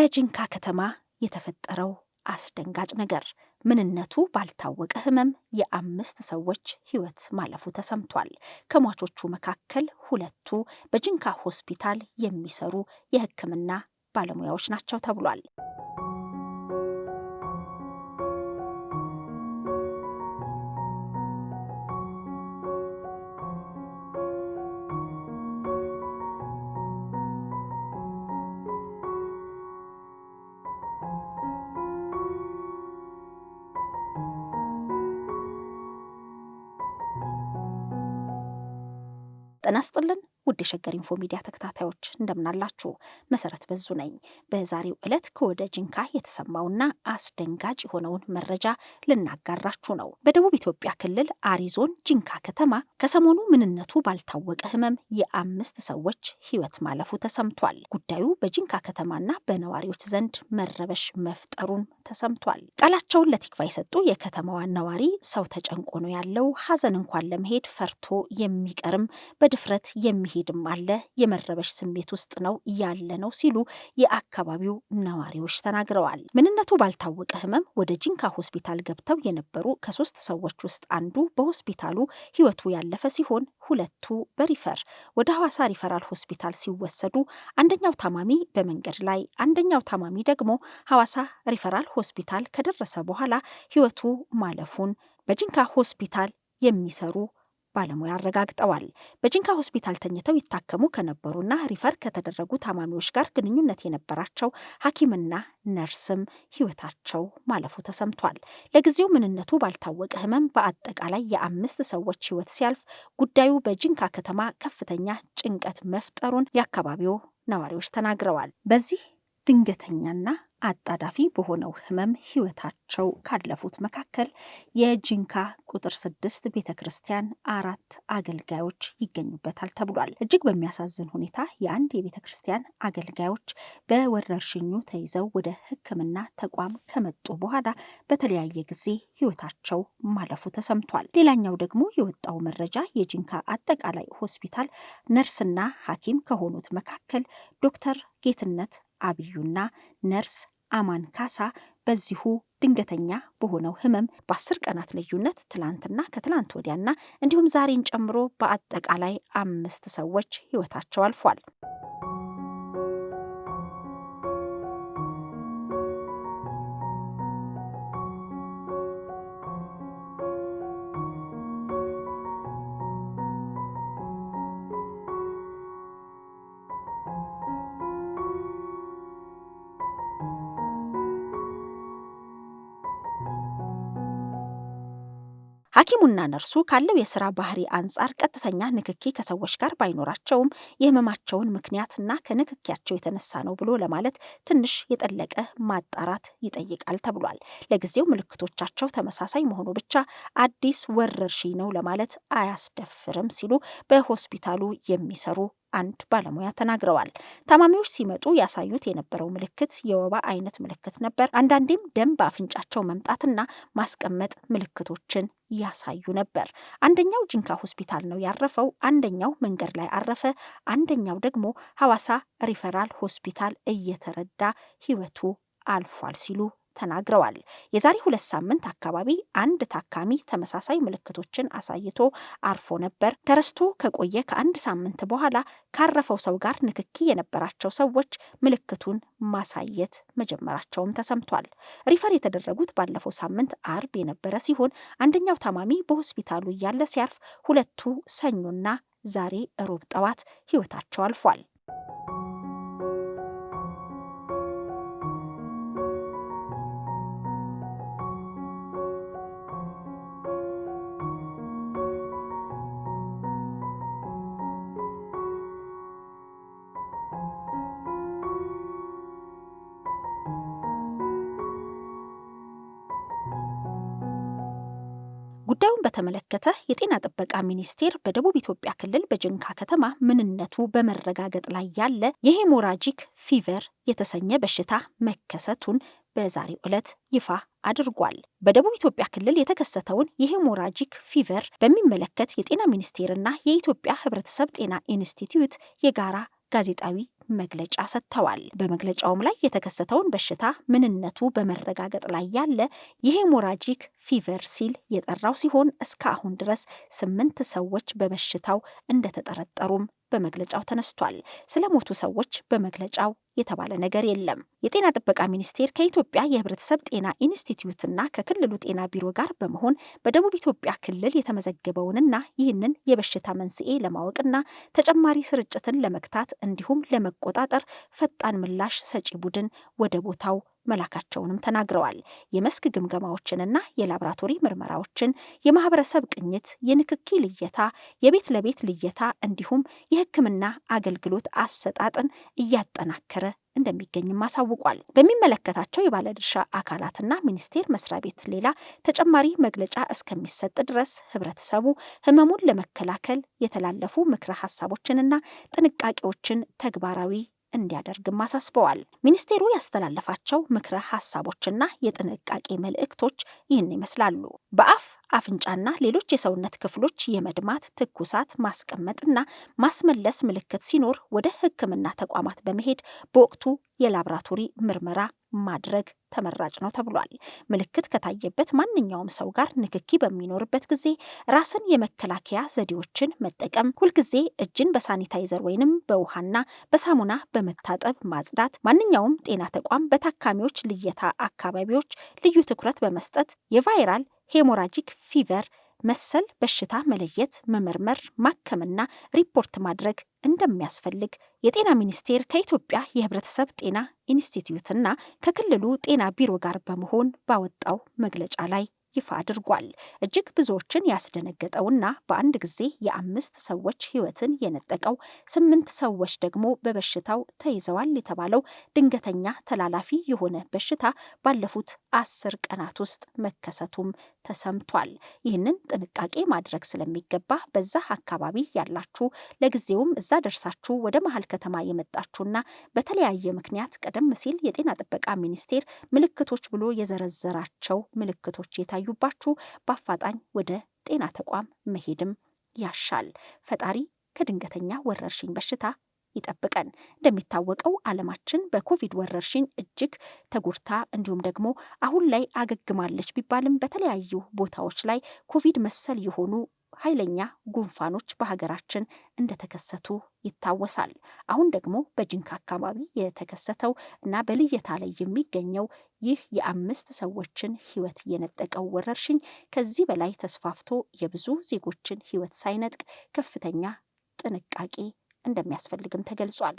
በጅንካ ከተማ የተፈጠረው አስደንጋጭ ነገር ምንነቱ ባልታወቀ ህመም የአምስት ሰዎች ህይወት ማለፉ ተሰምቷል። ከሟቾቹ መካከል ሁለቱ በጅንካ ሆስፒታል የሚሰሩ የህክምና ባለሙያዎች ናቸው ተብሏል። ጤና ይስጥልን። ውድ የሸገር ኢንፎ ሚዲያ ተከታታዮች እንደምናላችሁ፣ መሰረት በዙ ነኝ። በዛሬው ዕለት ከወደ ጂንካ የተሰማውና አስደንጋጭ የሆነውን መረጃ ልናጋራችሁ ነው። በደቡብ ኢትዮጵያ ክልል አሪዞን ጅንካ ጂንካ ከተማ ከሰሞኑ ምንነቱ ባልታወቀ ህመም የአምስት ሰዎች ሕይወት ማለፉ ተሰምቷል። ጉዳዩ በጂንካ ከተማና በነዋሪዎች ዘንድ መረበሽ መፍጠሩን ተሰምቷል። ቃላቸውን ለቲክቫ የሰጡ የከተማዋ ነዋሪ ሰው ተጨንቆ ነው ያለው፣ ሀዘን እንኳን ለመሄድ ፈርቶ የሚቀርም በድፍረት የሚሄድ መሄድም አለ የመረበሽ ስሜት ውስጥ ነው ያለ ነው ሲሉ የአካባቢው ነዋሪዎች ተናግረዋል። ምንነቱ ባልታወቀ ህመም ወደ ጂንካ ሆስፒታል ገብተው የነበሩ ከሶስት ሰዎች ውስጥ አንዱ በሆስፒታሉ ህይወቱ ያለፈ ሲሆን ሁለቱ በሪፈር ወደ ሐዋሳ ሪፈራል ሆስፒታል ሲወሰዱ አንደኛው ታማሚ በመንገድ ላይ አንደኛው ታማሚ ደግሞ ሐዋሳ ሪፈራል ሆስፒታል ከደረሰ በኋላ ህይወቱ ማለፉን በጂንካ ሆስፒታል የሚሰሩ ባለሙያ አረጋግጠዋል። በጂንካ ሆስፒታል ተኝተው ይታከሙ ከነበሩና ሪፈር ከተደረጉ ታማሚዎች ጋር ግንኙነት የነበራቸው ሐኪምና ነርስም ሕይወታቸው ማለፉ ተሰምቷል። ለጊዜው ምንነቱ ባልታወቀ ህመም በአጠቃላይ የአምስት ሰዎች ሕይወት ሲያልፍ ጉዳዩ በጂንካ ከተማ ከፍተኛ ጭንቀት መፍጠሩን የአካባቢው ነዋሪዎች ተናግረዋል። በዚህ ድንገተኛና አጣዳፊ በሆነው ህመም ሕይወታቸው ካለፉት መካከል የጂንካ ቁጥር ስድስት ቤተ ክርስቲያን አራት አገልጋዮች ይገኙበታል ተብሏል። እጅግ በሚያሳዝን ሁኔታ የአንድ የቤተ ክርስቲያን አገልጋዮች በወረርሽኙ ተይዘው ወደ ሕክምና ተቋም ከመጡ በኋላ በተለያየ ጊዜ ሕይወታቸው ማለፉ ተሰምቷል። ሌላኛው ደግሞ የወጣው መረጃ የጂንካ አጠቃላይ ሆስፒታል ነርስና ሐኪም ከሆኑት መካከል ዶክተር ጌትነት አብዩና ነርስ አማን ካሳ በዚሁ ድንገተኛ በሆነው ህመም በአስር ቀናት ልዩነት ትላንትና ከትላንት ወዲያና እንዲሁም ዛሬን ጨምሮ በአጠቃላይ አምስት ሰዎች ህይወታቸው አልፏል። ሐኪሙና ነርሱ ካለው የስራ ባህሪ አንጻር ቀጥተኛ ንክኪ ከሰዎች ጋር ባይኖራቸውም የህመማቸውን ምክንያትና ከንክኪያቸው የተነሳ ነው ብሎ ለማለት ትንሽ የጠለቀ ማጣራት ይጠይቃል ተብሏል። ለጊዜው ምልክቶቻቸው ተመሳሳይ መሆኑ ብቻ አዲስ ወረርሽኝ ነው ለማለት አያስደፍርም ሲሉ በሆስፒታሉ የሚሰሩ አንድ ባለሙያ ተናግረዋል። ታማሚዎች ሲመጡ ያሳዩት የነበረው ምልክት የወባ አይነት ምልክት ነበር። አንዳንዴም ደም በአፍንጫቸው መምጣትና ማስቀመጥ ምልክቶችን ያሳዩ ነበር። አንደኛው ጂንካ ሆስፒታል ነው ያረፈው፣ አንደኛው መንገድ ላይ አረፈ፣ አንደኛው ደግሞ ሐዋሳ ሪፈራል ሆስፒታል እየተረዳ ህይወቱ አልፏል ሲሉ ተናግረዋል። የዛሬ ሁለት ሳምንት አካባቢ አንድ ታካሚ ተመሳሳይ ምልክቶችን አሳይቶ አርፎ ነበር። ተረስቶ ከቆየ ከአንድ ሳምንት በኋላ ካረፈው ሰው ጋር ንክኪ የነበራቸው ሰዎች ምልክቱን ማሳየት መጀመራቸውም ተሰምቷል። ሪፈር የተደረጉት ባለፈው ሳምንት አርብ የነበረ ሲሆን አንደኛው ታማሚ በሆስፒታሉ እያለ ሲያርፍ፣ ሁለቱ ሰኞና ዛሬ ሮብ ጠዋት ህይወታቸው አልፏል። ጉዳዩን በተመለከተ የጤና ጥበቃ ሚኒስቴር በደቡብ ኢትዮጵያ ክልል በጅንካ ከተማ ምንነቱ በመረጋገጥ ላይ ያለ የሄሞራጂክ ፊቨር የተሰኘ በሽታ መከሰቱን በዛሬው ዕለት ይፋ አድርጓል። በደቡብ ኢትዮጵያ ክልል የተከሰተውን የሄሞራጂክ ፊቨር በሚመለከት የጤና ሚኒስቴርና የኢትዮጵያ ሕብረተሰብ ጤና ኢንስቲትዩት የጋራ ጋዜጣዊ መግለጫ ሰጥተዋል። በመግለጫውም ላይ የተከሰተውን በሽታ ምንነቱ በመረጋገጥ ላይ ያለ የሄሞራጂክ ፊቨር ሲል የጠራው ሲሆን እስከ አሁን ድረስ ስምንት ሰዎች በበሽታው እንደተጠረጠሩም በመግለጫው ተነስቷል። ስለሞቱ ሰዎች በመግለጫው የተባለ ነገር የለም። የጤና ጥበቃ ሚኒስቴር ከኢትዮጵያ የህብረተሰብ ጤና ኢንስቲትዩትና ከክልሉ ጤና ቢሮ ጋር በመሆን በደቡብ ኢትዮጵያ ክልል የተመዘገበውንና ይህንን የበሽታ መንስኤ ለማወቅና ተጨማሪ ስርጭትን ለመግታት እንዲሁም ለመቆጣጠር ፈጣን ምላሽ ሰጪ ቡድን ወደ ቦታው መላካቸውንም ተናግረዋል። የመስክ ግምገማዎችንና የላብራቶሪ ምርመራዎችን፣ የማህበረሰብ ቅኝት፣ የንክኪ ልየታ፣ የቤት ለቤት ልየታ እንዲሁም የሕክምና አገልግሎት አሰጣጥን እያጠናከረ እንደሚገኝም አሳውቋል። በሚመለከታቸው የባለድርሻ አካላትና ሚኒስቴር መስሪያ ቤት ሌላ ተጨማሪ መግለጫ እስከሚሰጥ ድረስ ህብረተሰቡ ህመሙን ለመከላከል የተላለፉ ምክረ ሀሳቦችንና ጥንቃቄዎችን ተግባራዊ እንዲያደርግም አሳስበዋል። ሚኒስቴሩ ያስተላለፋቸው ምክረ ሀሳቦችና የጥንቃቄ መልእክቶች ይህን ይመስላሉ። በአፍ አፍንጫና ሌሎች የሰውነት ክፍሎች የመድማት፣ ትኩሳት፣ ማስቀመጥና ማስመለስ ምልክት ሲኖር ወደ ሕክምና ተቋማት በመሄድ በወቅቱ የላብራቶሪ ምርመራ ማድረግ ተመራጭ ነው ተብሏል። ምልክት ከታየበት ማንኛውም ሰው ጋር ንክኪ በሚኖርበት ጊዜ ራስን የመከላከያ ዘዴዎችን መጠቀም፣ ሁልጊዜ እጅን በሳኒታይዘር ወይንም በውሃና በሳሙና በመታጠብ ማጽዳት፣ ማንኛውም ጤና ተቋም በታካሚዎች ልየታ አካባቢዎች ልዩ ትኩረት በመስጠት የቫይራል ሄሞራጂክ ፊቨር መሰል በሽታ መለየት፣ መመርመር፣ ማከምና ሪፖርት ማድረግ እንደሚያስፈልግ የጤና ሚኒስቴር ከኢትዮጵያ የሕብረተሰብ ጤና ኢንስቲትዩትና ከክልሉ ጤና ቢሮ ጋር በመሆን ባወጣው መግለጫ ላይ ይፋ አድርጓል። እጅግ ብዙዎችን ያስደነገጠውና በአንድ ጊዜ የአምስት ሰዎች ሕይወትን የነጠቀው ስምንት ሰዎች ደግሞ በበሽታው ተይዘዋል የተባለው ድንገተኛ ተላላፊ የሆነ በሽታ ባለፉት አስር ቀናት ውስጥ መከሰቱም ተሰምቷል። ይህንን ጥንቃቄ ማድረግ ስለሚገባ በዛ አካባቢ ያላችሁ ለጊዜውም እዛ ደርሳችሁ ወደ መሀል ከተማ የመጣችሁና በተለያየ ምክንያት ቀደም ሲል የጤና ጥበቃ ሚኒስቴር ምልክቶች ብሎ የዘረዘራቸው ምልክቶች የታ ካዩባችሁ በአፋጣኝ ወደ ጤና ተቋም መሄድም ያሻል። ፈጣሪ ከድንገተኛ ወረርሽኝ በሽታ ይጠብቀን። እንደሚታወቀው ዓለማችን በኮቪድ ወረርሽኝ እጅግ ተጎድታ እንዲሁም ደግሞ አሁን ላይ አገግማለች ቢባልም በተለያዩ ቦታዎች ላይ ኮቪድ መሰል የሆኑ ኃይለኛ ጉንፋኖች በሀገራችን እንደተከሰቱ ይታወሳል። አሁን ደግሞ በጅንካ አካባቢ የተከሰተው እና በልየታ ላይ የሚገኘው ይህ የአምስት ሰዎችን ሕይወት የነጠቀው ወረርሽኝ ከዚህ በላይ ተስፋፍቶ የብዙ ዜጎችን ሕይወት ሳይነጥቅ ከፍተኛ ጥንቃቄ እንደሚያስፈልግም ተገልጿል።